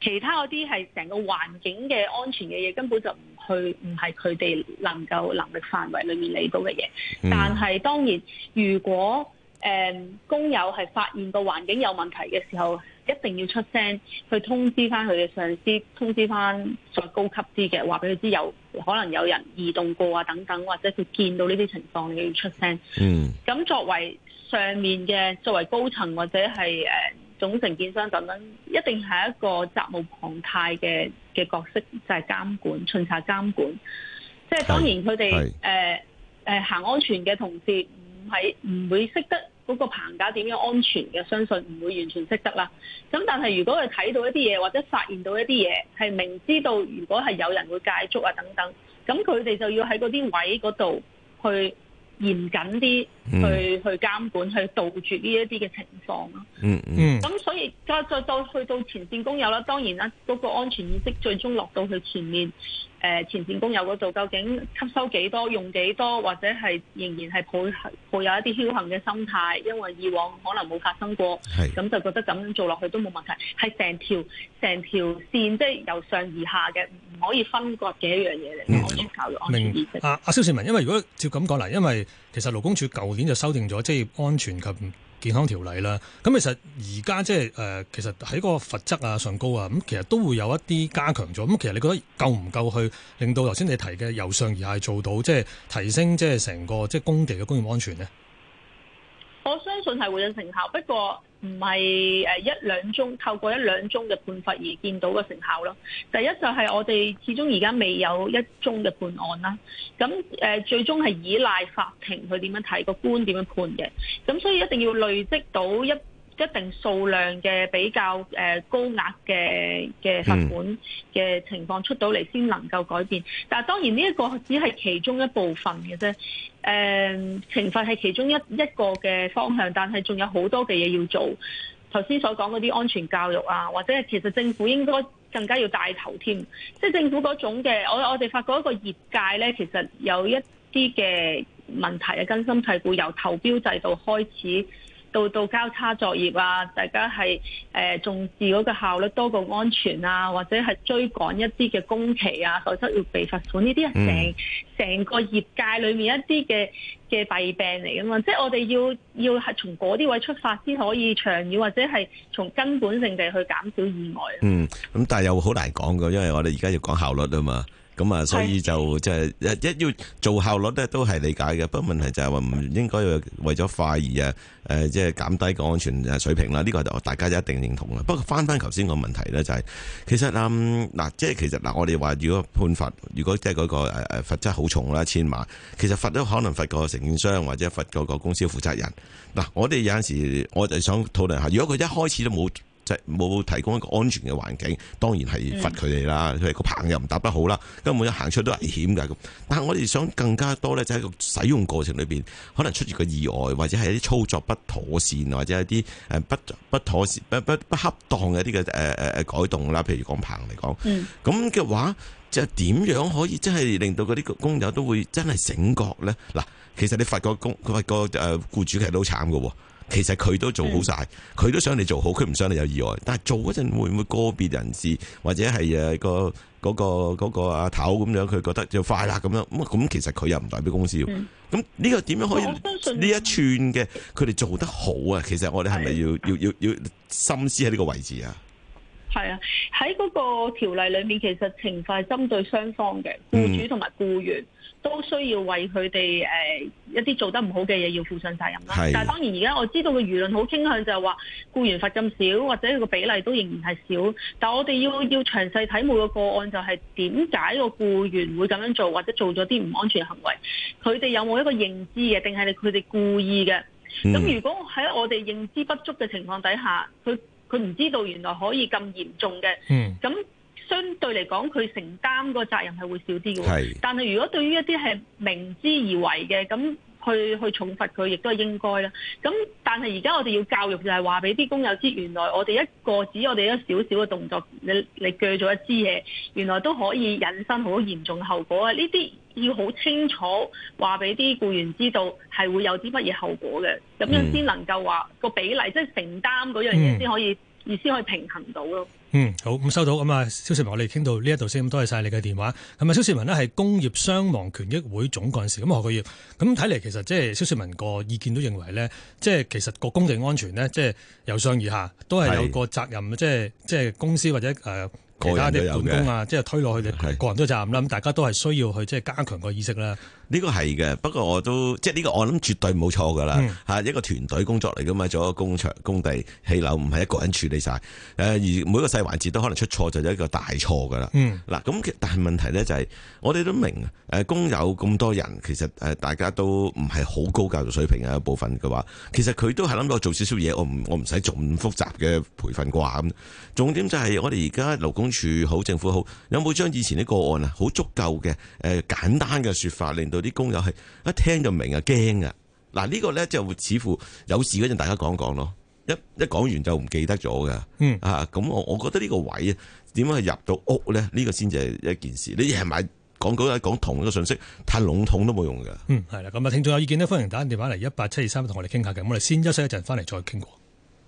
其他嗰啲係成個環境嘅安全嘅嘢，根本就唔去唔係佢哋能夠能力範圍裏面嚟到嘅嘢。但係當然，如果、呃、工友係發現到環境有問題嘅時候，一定要出聲，去通知翻佢嘅上司，通知翻再高級啲嘅，話俾佢知有可能有人移動過啊等等，或者佢見到呢啲情況，你要出聲。嗯。咁作為上面嘅，作為高層或者係誒、呃、總承建商等等，一定係一個責無旁貸嘅嘅角色，就係、是、監管、巡查監管。即係當然佢哋誒行安全嘅同事唔係唔會識得。嗰個棚架點樣安全嘅，相信唔會完全識得啦。咁但係如果佢睇到一啲嘢，或者發現到一啲嘢，係明知道如果係有人會介觸啊等等，咁佢哋就要喺嗰啲位嗰度去嚴謹啲去、mm. 去監管，去杜絕呢一啲嘅情況咯。嗯嗯、mm. mm.。咁所以再再再去到前線工友啦，當然啦，嗰、嗰個安全意識最終落到去前面。誒前線工友嗰度究竟吸收幾多用幾多，或者係仍然係抱抱有一啲僥幸嘅心態，因為以往可能冇發生過，咁是就覺得咁樣做落去都冇問題。係成條成條線，即係由上而下嘅，唔可以分割嘅一樣嘢嚟講教育安全意識。啊啊，蕭倩文，因為如果照咁講嚟，因為其實勞工處舊年就修訂咗職業安全及健康條例啦，咁其實而家即係誒，其實喺嗰個罰則啊、上高啊，咁其實都會有一啲加強咗。咁其實你覺得夠唔夠去令到頭先你提嘅由上而下係做到，即係提升整即係成個即係工地嘅工業安全呢？我相信係會有成效，不過。唔係誒，一兩宗，透過一兩宗嘅判罰而見到個成效咯。第一就係我哋始終而家未有一宗嘅判案啦。咁誒最終係依賴法庭去點樣睇個官點樣判嘅。咁所以一定要累積到一。一定數量嘅比較誒高額嘅嘅罰款嘅情況出到嚟先能夠改變，但係當然呢一個只係其中一部分嘅啫。誒，懲罰係其中一一個嘅方向，但係仲有好多嘅嘢要做。頭先所講嗰啲安全教育啊，或者係其實政府應該更加要帶頭添。即係政府嗰種嘅，我我哋發覺一個業界咧，其實有一啲嘅問題係根深蒂固，由投標制度開始。到到交叉作業啊，大家係誒、呃、重視嗰個效率多過安全啊，或者係追趕一啲嘅工期啊，否則要被罰款。呢啲係成成個業界裏面一啲嘅嘅弊病嚟噶嘛，即係我哋要要係從嗰啲位出發先可以長遠，或者係從根本性地去減少意外。嗯，咁但係又好難講噶，因為我哋而家要講效率啊嘛。咁啊，所以就即係一一要做效率咧，都係理解嘅。不過問題就係話唔應該為咗快而啊誒，即係減低個安全水平啦。呢個大家就一定認同啦。不過翻翻頭先個問題呢、就是，就係其實啊嗱，即係其實嗱，我哋話如果判罰，如果即係嗰個誒誒罰則好重啦，千萬，其實罰都可能罰個承建商或者罰個公司負責人。嗱，我哋有陣時我就想討論下，如果佢一開始都冇。即係冇提供一個安全嘅環境，當然係罰佢哋啦。佢個、嗯、棚又唔搭得好啦，根本行出去都危險㗎。但我哋想更加多咧，就喺個使用過程裏邊，可能出現個意外，或者係一啲操作不妥善，或者一啲誒不不妥善、不不不恰當嘅一啲嘅誒改動啦。譬如講棚嚟講，咁嘅、嗯、話就點樣可以即係令到嗰啲工友都會真係醒覺咧？嗱，其實你罰個工，罰個誒僱主其實都慘嘅喎。其實佢都做好晒，佢、嗯、都想你做好，佢唔想你有意外。但係做嗰陣會唔會個別人士或者係誒、嗰個嗰、嗰個嗰、嗰個阿頭咁樣，佢覺得就快啦咁樣咁，咁其實佢又唔代表公司。咁呢、嗯、個點樣可以呢也一串嘅佢哋做得好啊？其實我哋係咪要的要要要深思喺呢個位置啊？係啊，喺嗰個條例裏面，其實懲罰係針對雙方嘅僱主同埋僱員。嗯都需要為佢哋誒一啲做得唔好嘅嘢要負上責任啦。係。但係當然而家我知道嘅輿論好傾向就係話，雇員罰咁少，或者個比例都仍然係少。但我哋要要詳細睇每個個案，就係點解個雇員會咁樣做，或者做咗啲唔安全行為，佢哋有冇一個認知嘅，定係佢哋故意嘅？嗯。咁如果喺我哋認知不足嘅情況底下，佢佢唔知道原來可以咁嚴重嘅。咁。嗯相對嚟講，佢承擔個責任係會少啲嘅。是但係如果對於一啲係明知而為嘅，咁去去重罰佢，亦都係應該啦。咁但係而家我哋要教育，就係話俾啲工友知，原來我哋一個指，我哋一少少嘅動作，你你鋸咗一支嘢，原來都可以引申好嚴重嘅後果啊！呢啲要好清楚話俾啲雇員知道，係會有啲乜嘢後果嘅，咁、嗯、樣先能夠話、個比例，即、就、係、是、承擔嗰樣嘢先可以，意思、嗯、可，可以平衡到咯。嗯，好，咁收到，咁啊，蕭倩文，我哋傾到呢一度先，咁多謝晒你嘅電話。咁啊，蕭倩文呢係工業傷亡權益會總幹事，咁何巨業，咁睇嚟其實即係蕭倩文個意見都認為咧，即係其實個工地安全咧，即係由上而下都係有個責任，是即係即係公司或者誒其他啲管工啊，即係推落去，個人都有責任啦。咁大家都係需要去即係加強個意識啦。呢個係嘅，不過我都即係呢個我諗絕對冇錯噶啦嚇，嗯、一個團隊工作嚟㗎嘛，做一個工場工地起樓唔係一個人處理晒誒，而每個細環節都可能出錯，就一個大錯噶啦。嗯嗱咁，但係問題咧就係、是、我哋都明誒工友咁多人，其實誒大家都唔係好高教育水平嘅一部分嘅話，其實佢都係諗到做少少嘢，我唔我唔使做咁複雜嘅培訓啩咁。重點就係我哋而家勞工處好，政府好，有冇將以前啲個案啊，好足夠嘅誒、呃、簡單嘅說法，令到啲工友係一聽就明啊，驚啊，嗱呢個咧即係似乎有事嗰陣，大家講講咯，一一講完就唔記得咗噶，嗯啊，咁我我覺得呢個位啊，點樣去入到屋咧？呢個先至係一件事。你係咪講講喺講同一個信息，太籠統都冇用噶，嗯係啦。咁啊，聽眾有意見呢？歡迎打電話嚟一八七二三同我哋傾下偈。咁我哋先休息一陣，翻嚟再傾過。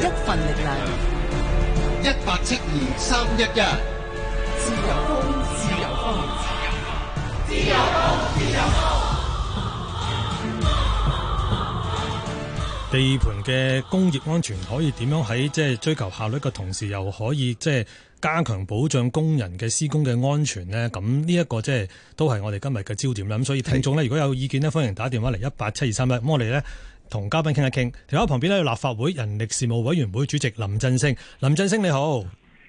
一份力量，一八七二三一一。自由風，自由風，自由，自由風，自由風。 地盤嘅工業安全可以點樣喺即係追求效率嘅同時，又可以即係加強保障工人嘅施工嘅安全呢？咁呢一個即係都係我哋今日嘅焦點啦。咁所以聽眾咧，如果有意見咧，歡迎打電話嚟一八七二三一。咁我哋呢。同嘉賓傾一傾，電話旁邊呢，有立法會人力事務委員會主席林振昇。林振昇你好，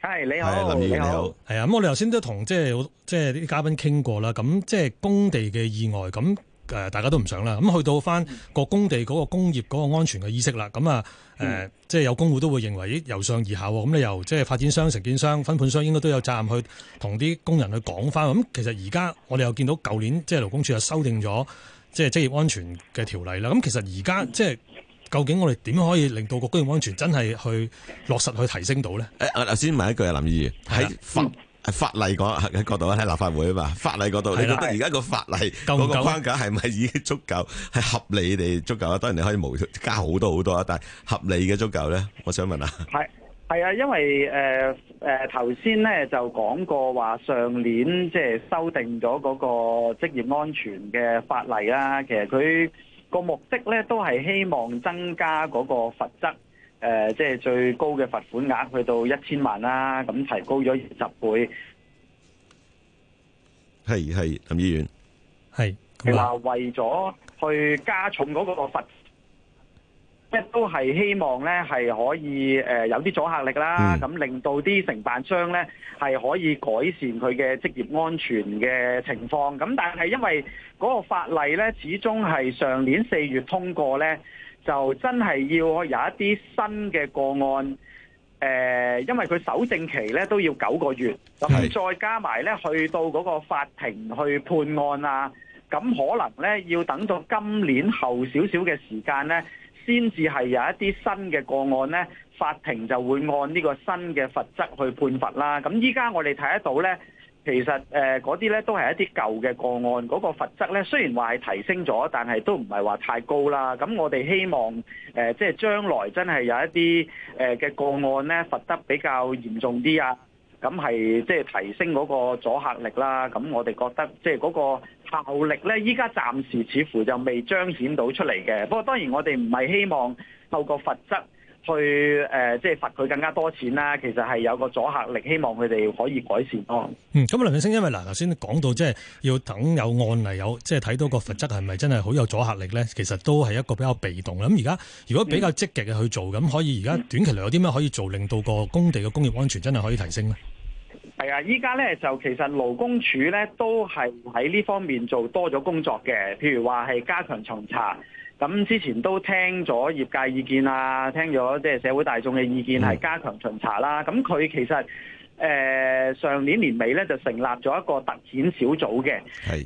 你好，林議員你好。係啊好，咁我哋頭先都同即係即係啲嘉賓傾過啦。咁即係工地嘅意外，咁、呃、大家都唔想啦。咁去到翻個工地嗰個工業嗰個安全嘅意識啦。咁啊、呃、即係有工會都會認為由上而下，咁你由即係發展商、承建商、分判商應該都有責任去同啲工人去講翻。咁其實而家我哋又見到舊年即係勞工處又修訂咗，即係職業安全嘅條例啦，咁其實而家即係究竟我哋點樣可以令到個工業安全真係去落實去提升到咧？誒、哎，先問一句啊，林議員喺法、嗯、法例嗰度喺立法會啊嘛，法例嗰度，的你覺得而家個法例嗰個框架係咪已經足夠？係合理地足夠啊？當然你可以無加好多好多啊，但係合理嘅足夠咧，我想問下。係啊，因為誒誒頭先咧就講過話上年即係修訂咗嗰個職業安全嘅法例啦、啊。其實佢個目的咧都係希望增加嗰個罰則，即、呃、係、就是、最高嘅罰款額去到一千萬啦、啊，咁提高咗二十倍。係係林議員，係佢話為咗去加重嗰個罰。都係希望咧，係可以誒、呃、有啲阻嚇力啦，咁令到啲承辦商咧係可以改善佢嘅職業安全嘅情況。咁但係因為嗰個法例咧，始終係上年四月通過咧，就真係要有一啲新嘅個案。誒、呃，因為佢搜證期，咧都要九個月，咁、就是、再加埋咧去到嗰個法庭去判案啊，咁可能咧要等到今年後少少嘅時間咧。先至係有一啲新嘅個案呢，法庭就會按呢個新嘅罰則去判罰啦。咁依家我哋睇得到呢，其實誒嗰啲呢都係一啲舊嘅個案，嗰個罰則呢雖然話係提升咗，但係都唔係話太高啦。咁我哋希望誒即係將來真係有一啲誒嘅個案呢，罰得比較嚴重啲啊，咁係即係提升嗰個阻嚇力啦。咁我哋覺得即係嗰個。效力咧，依家暫時似乎就未彰顯到出嚟嘅。不過當然，我哋唔係希望透過罰則去即係、呃就是、罰佢更加多錢啦。其實係有個阻嚇力，希望佢哋可以改善多。嗯，咁林振昇因為嗱頭先講到，即係要等有案例有，即係睇到個罰則係咪真係好有阻嚇力咧？其實都係一個比較被動。咁而家如果比較積極嘅去做，咁、嗯、可以而家短期內有啲咩可以做，令到個工地嘅工業安全真係可以提升咧？係啊，依家咧就其實勞工處咧都係喺呢方面做多咗工作嘅，譬如話係加強巡查。咁之前都聽咗業界意見啊，聽咗即係社會大眾嘅意見，係加強巡查啦。咁佢其實誒、呃、上年年尾咧就成立咗一個特遣小組嘅。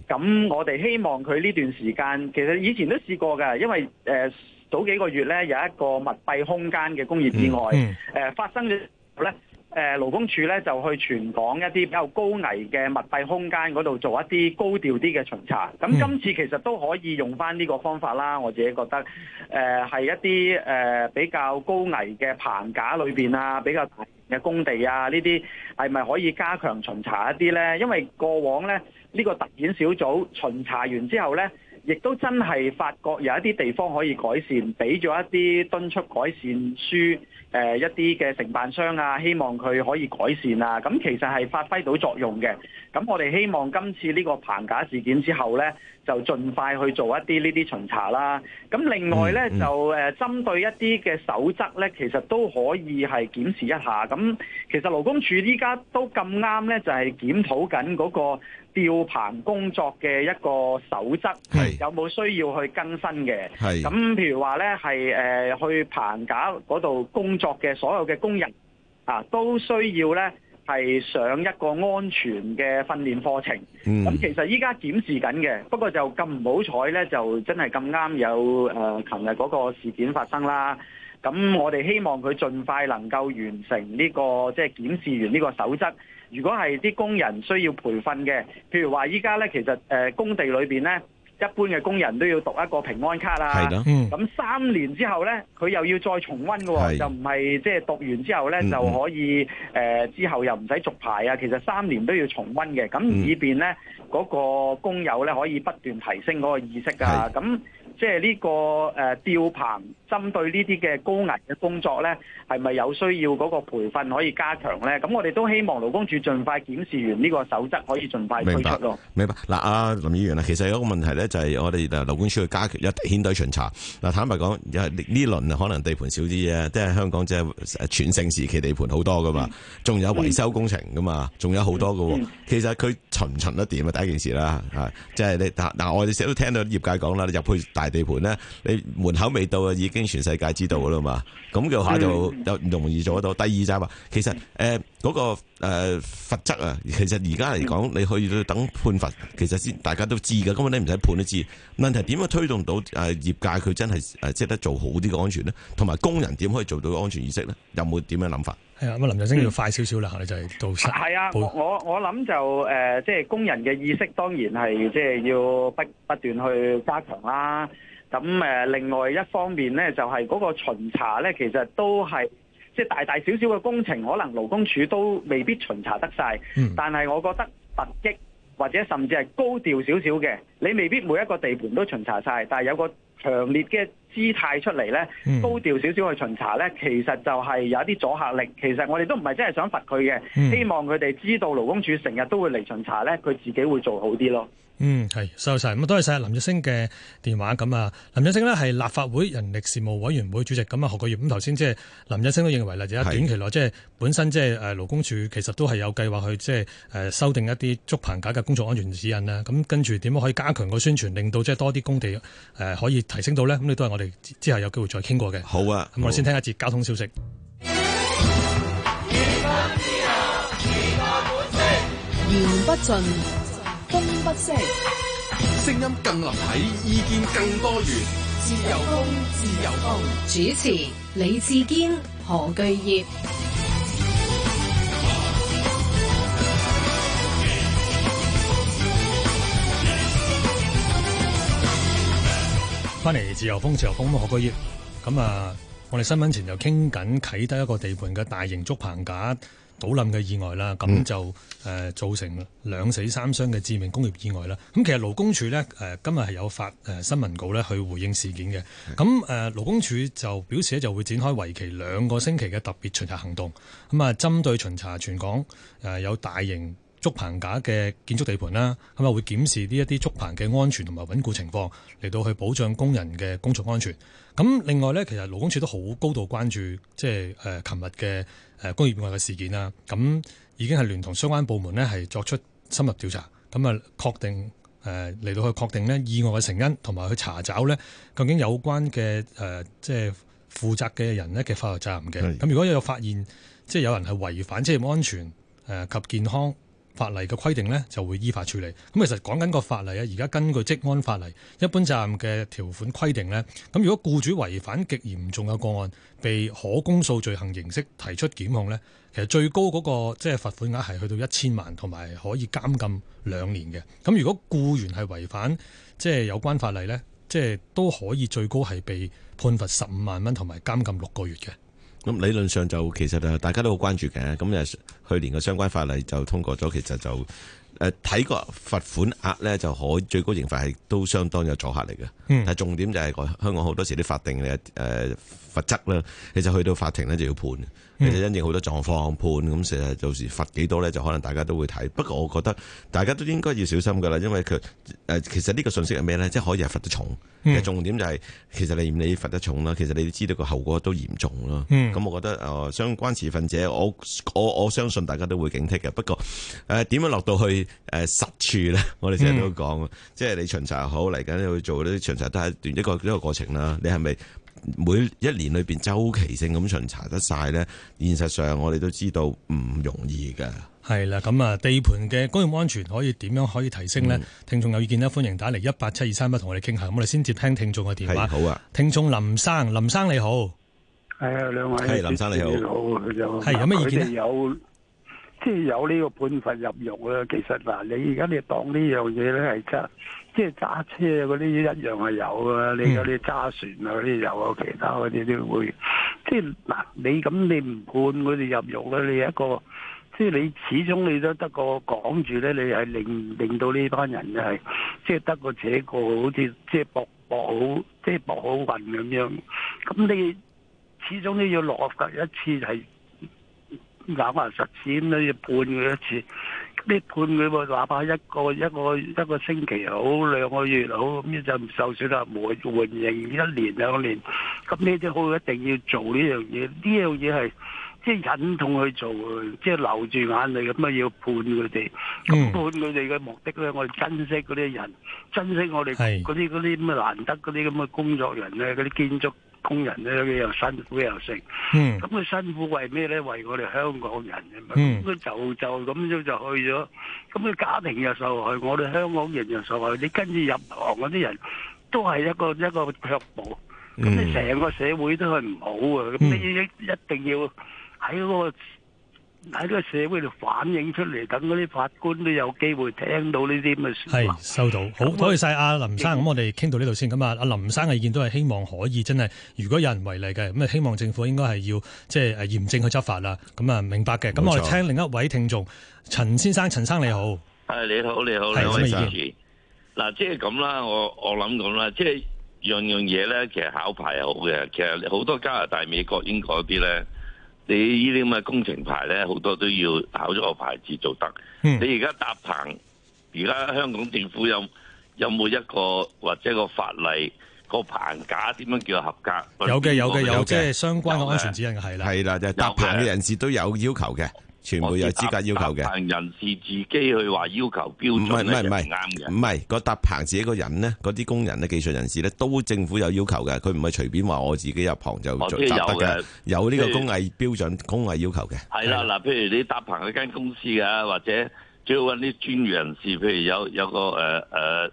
咁係我哋希望佢呢段時間，其實以前都試過㗎，因為誒早、呃、幾個月咧有一個密閉空間嘅工業意外，誒、嗯嗯呃、發生咗。咧。誒、呃、勞工處咧就去全港一啲比較高危嘅密閉空間嗰度做一啲高調啲嘅巡查，咁今次其實都可以用翻呢個方法啦。我自己覺得，誒、呃、係一啲誒、呃、比較高危嘅棚架裏面啊，比較大嘅工地啊，呢啲係咪可以加強巡查一啲咧？因為過往咧呢、呢個特遣小組巡查完之後咧。亦都真係發覺有一啲地方可以改善，俾咗一啲敦促改善書，呃、一啲嘅承辦商啊，希望佢可以改善啊。咁其實係發揮到作用嘅。咁我哋希望今次呢個棚架事件之後呢。就盡快去做一啲呢啲巡查啦。咁另外咧，嗯嗯、就誒、呃、針對一啲嘅守則咧，其實都可以係檢視一下。咁其實勞工處依家都咁啱咧，就係、係、檢討緊嗰個吊棚工作嘅一個守則，係有冇需要去更新嘅？咁係譬如話咧，係誒、呃、去棚架嗰度工作嘅所有嘅工人啊，都需要咧。係上一個安全嘅訓練課程，咁其實依家檢視緊嘅，不過就咁唔好彩呢，就真係咁啱有誒，琴日嗰個事件發生啦。咁我哋希望佢盡快能夠完成呢、呢個即係、就是、檢視完呢個守則。如果係啲工人需要培訓嘅，譬如話依家呢，其實誒工地裏邊呢。一般嘅工人都要讀一個平安卡啦，咁的三年之後呢，佢又要再重溫嘅、哦，的就唔係即係讀完之後呢，就可以誒、嗯嗯呃、之後又唔使續牌啊。其實三年都要重溫嘅，咁以便呢嗰、嗯、個工友呢，可以不斷提升嗰個意識啊。咁即係呢個誒、呃、吊棚。針對呢啲嘅高危嘅工作咧，係咪有需要嗰個培訓可以加強咧？咁我哋都希望勞工處盡快檢視完呢個守則，可以盡快推出咯。明白嗱，阿、啊、林議員啦，其實有個問題咧，就係我哋啊勞工處嘅加強有遣隊巡查。嗱，坦白講，又係呢輪可能地盤少啲啊，即、就、係、是、香港即係全盛時期地盤好多噶嘛，仲有維修工程噶嘛，仲、嗯、有好多噶。嗯嗯、其實佢巡唔巡得掂啊？第一件事啦，即係、就是、你嗱、啊、我哋成日都聽到業界講啦，你入配大地盤咧，你門口未到啊，已經。全世界知道噶啦嘛，咁嘅話就又唔容易做得到。嗯、第二就係話，其實誒嗰、嗯呃那個誒罰則啊，其實而家嚟講，你去到等判罰，其實先大家都知噶，根本你唔使判都知。問題點樣推動到誒、呃、業界佢真係誒即係得做好啲嘅安全呢？同埋工人點可以做到安全意識咧？有冇點樣諗法？係啊，咁林振昇要快少少啦，你就係到晒。係啊，我我諗就誒，即係工人嘅意識，當然係即係要不不斷去加強啦。咁誒，另外一方面咧，就係、是、嗰個巡查咧，其實都係即係大大小小嘅工程，可能勞工處都未必巡查得晒。嗯、但係我覺得突擊或者甚至係高調少少嘅，你未必每一個地盤都巡查晒。但係有個強烈嘅姿態出嚟咧，嗯、高調少少去巡查咧，其實就係有一啲阻嚇力。其實我哋都唔係真係想罰佢嘅，嗯、希望佢哋知道勞工處成日都會嚟巡查咧，佢自己會做好啲咯。嗯，係，收晒，咁多謝晒林振昇嘅電話，咁啊，林振昇呢係立法會人力事務委員會主席，咁啊何桂如，咁頭先即係林振昇都認為啦，而家是短期內即係本身即係誒勞工處其實都係有計劃去即係誒修訂一啲竹棚架嘅工作安全指引啊，咁跟住點樣可以加強個宣傳，令到即係多啲工地誒、呃、可以提升到呢？咁你都係我哋之後有機會再傾過嘅。好啊，咁我哋先聽一節交通消息。啊、言，不言不盡。不聲音更立體，意見更多元。自由風，自由風。主持李志堅、何巨業。翻嚟自由風，自由風，何居業。咁啊，我哋新聞前就傾緊啟德一個地盤嘅大型竹棚架，倒冧嘅意外啦，咁就誒造成兩死三傷嘅致命工業意外啦。咁其實勞工處呢，今日係有發新聞稿呢去回應事件嘅。咁誒勞工處就表示呢就會展開為期兩個星期嘅特別巡查行動。咁啊，針對巡查全港誒有大型竹棚架嘅建築地盤啦，咁啊會檢視呢一啲竹棚嘅安全同埋穩固情況，嚟到去保障工人嘅工作安全。咁另外咧，其實勞工處都好高度關注，即係誒琴日嘅誒工業意外嘅事件啦。咁已經係聯同相關部門咧，係作出深入調查。咁啊，確定誒嚟到去確定咧意外嘅成因，同埋去查找呢究竟有關嘅誒即係負責嘅人咧嘅法律責任嘅。咁的如果有發現即係有人係違反職業安全誒及健康。法例嘅規定呢就會依法處理。咁其實講緊個法例啊，而家根據職安法例一般責任嘅條款規定呢，咁如果僱主違反極嚴重嘅個案，被可公訴罪行形式提出檢控呢，其實最高嗰個即係罰款額係去到一千萬，同埋可以監禁兩年嘅。咁如果僱員係違反即係有關法例呢，即係都可以最高係被判罰十五萬蚊，同埋監禁六個月嘅。咁理論上就其實大家都好關注嘅。咁誒，去年嘅相關法例就通過咗，其實就睇過罰款額咧，就可最高刑罰係都相當有阻嚇力嘅。嗯，但重點就係香港好多時啲法定嘅罰則啦，其實去到法庭咧就要判，其實因應好多狀況判咁，成日、嗯、到時罰幾多咧，就可能大家都會睇。不過我覺得大家都應該要小心噶啦，因為佢誒、嗯就是，其實呢個信息係咩咧？即係可以係罰得重，嘅重點就係其實你唔理罰得重啦，其實你知道個後果都嚴重啦。咁、嗯嗯、我覺得誒，相關持份者，我我我相信大家都會警惕嘅。不過誒，點、呃、樣落到去誒實處咧？我哋成日都講，嗯、即係你巡查好嚟緊，去做啲巡查都係一段一個一個過程啦。你係咪？每一年裏邊周期性咁巡查得晒咧，現實上我哋都知道唔容易嘅。係啦，咁啊，地盤嘅公用安全可以點樣可以提升咧？嗯、聽眾有意見咧，歡迎打嚟一八七二三一，同我哋傾下。咁我哋先接聽聽眾嘅電話。好啊！聽眾林生，林生你好。係啊，兩位係林生你好。好，係有咩意見？有即係有呢個本份入獄啊。其實嗱，你而家你當呢樣嘢咧，係真。即係揸車嗰啲一樣係有啊，你有啲揸船啊嗰啲有啊，其他嗰啲都會。即係嗱，你咁你唔判佢哋入獄啦，你是一個即係、就是、你始終你都得個講住咧，你係令令到呢班人就係即係得個扯、這個好似即係搏搏好即係、就是、搏好運咁樣。咁你始終都要落實一次係咬牙實踐咧，都要判佢一次。判佢喎，哪怕一個一個一個星期好，兩個月好，咁就唔受損啦。緩緩刑一年兩年，咁呢啲好一定要做呢樣嘢。呢樣嘢係即係忍痛去做，即係流住眼淚咁啊！要判佢哋。咁判佢哋嘅目的咧，嗯、我哋珍惜嗰啲人，珍惜我哋嗰啲嗰啲咁啊難得嗰啲咁嘅工作人咧，嗰啲建築。工人咧，又辛苦又食，咁佢、嗯、辛苦為咩咧？為我哋香港人啊！咁佢、嗯、就就咁樣就去咗，咁佢家庭又受害，我哋香港人又受害。你跟住入行嗰啲人都係一個一個腳步，咁、嗯、你成個社會都係唔好啊！咁你一一定要喺嗰、嗰個。嗯喺呢個社會度反映出嚟，等嗰啲法官都有機會聽到呢啲咁嘅事。話。收到，好、嗯、多謝晒阿林生。咁的我哋傾到呢度先。咁啊，阿林生嘅意見都係希望可以真係，如果有人違例嘅，咁啊希望政府應該係要即係、就是、嚴正去執法啦。咁啊明白嘅。咁錯我哋聽另一位聽眾陳先生，陳先生你好。誒你好，你好，是你好。陳先生。嗱思，即係咁啦，我我諗咁啦，即、就、係、是、樣樣嘢咧，其實考牌又好嘅，其實好多加拿大、美國、英國啲咧。你呢啲咁嘅工程牌咧，好多都要考咗個牌子做得。你而家搭棚，而家香港政府有有冇一個或者個法例，個棚架點樣叫做合格？有嘅有嘅有，即係相關嘅安全指引係啦。係啦，就搭棚嘅人士都有要求嘅。全部有資格要求嘅，人士自己去話要求標準唔就唔係唔嘅。唔係個搭棚自己個人咧，嗰啲工人咧、技術人士咧，都政府有要求嘅。佢唔係隨便話我自己入行就就得嘅。有呢個工藝標準、以工藝要求嘅。係啦，嗱，譬如你搭棚，你間公司啊，或者最好揾啲專業人士，譬如有有個誒誒誒誒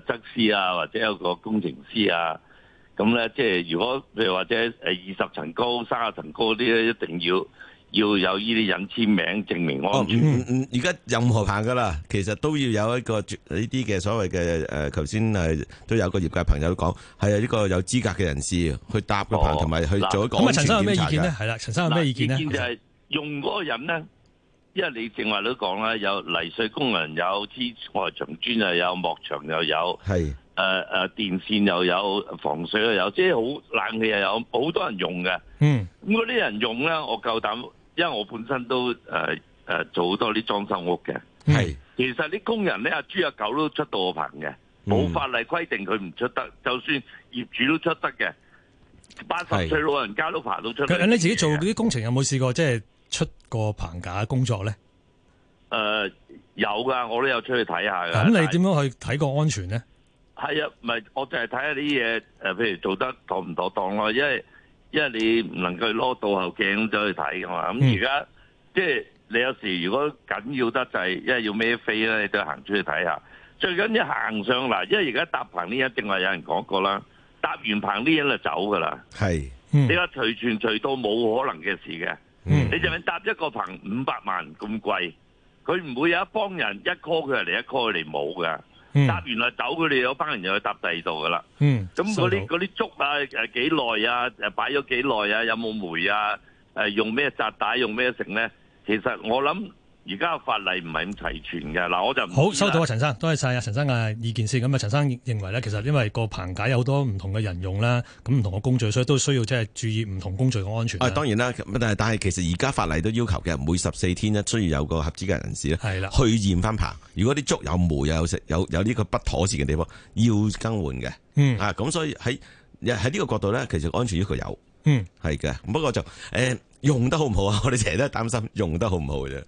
則師啊，或者有個工程師啊，咁咧，即係如果譬如或者誒二十層高、三十層高啲咧，一定要，要有呢啲人簽名證明，我而家任何棚㗎啦，其實都要有一個呢啲嘅所謂嘅誒，頭先誒都有個業界朋友講，係啊，一個有資格嘅人士去搭個棚，同埋去做一個安全檢查嘅。咁陳生有咩意見咧？係啦，陳生有咩意見咧？意見就係用嗰個人咧，因為你正話都講啦，有泥水工人，有黐外牆磚又有幕牆又有，係誒誒電線又有防水又有，即係好冷氣又有，好多人用嘅。嗯，咁嗰啲人用咧，我夠膽。因為我本身都誒誒、呃、做好多啲裝修屋嘅，係是其實啲工人咧阿豬阿狗都出到我棚嘅，冇法例規定佢唔出得，就算業主都出得嘅，八十歲老人家都爬到出。咁你自己做嗰啲工程有冇試過即係出過棚架工作咧？誒、呃，有噶，我都有出去睇下噶。咁你點樣去睇個安全咧？係啊，咪我淨係睇下啲嘢誒，譬如做得妥唔妥當咯，因為。因為你唔能夠攞到後鏡走去睇噶嘛，咁而家即係你有時如果緊要得滯，因為要孭飛咧，你都要行出去睇下。最緊要行上嗱，因為而家搭棚呢樣正話有人講過啦，搭完棚呢樣就走噶啦。係，你話隨傳隨到冇可能嘅事嘅。你就算搭一個棚五百萬咁貴，佢唔會有一幫人一 call 佢嚟一 call 佢嚟冇噶。嗯、搭完啦，走，佢哋有班人又去搭第二度噶啦。嗯，咁嗰啲啲竹啊，誒幾耐啊，誒擺咗幾耐啊？有冇霉啊？誒用咩紮帶，用咩食咧？其實我諗。而家法例唔係咁齊全嘅嗱，我就好收到啊，陳生，多謝晒啊，陳生嘅意見先。咁啊，陳生認為咧，其實因為個棚架有好多唔同嘅人用啦，咁唔同嘅工序，所以都需要即係注意唔同工序嘅安全。當然啦，但係但係其實而家法例都要求嘅，每十四天咧需要有個合資格人士咧去驗翻棚。如果啲竹有霉，又有食有有呢個不妥善嘅地方，要更換嘅。嗯啊，咁所以喺喺呢個角度咧，其實安全要求有。嗯，係嘅。不過就誒、欸、用得好唔好啊？我哋成日都係擔心用得好唔好嘅啫。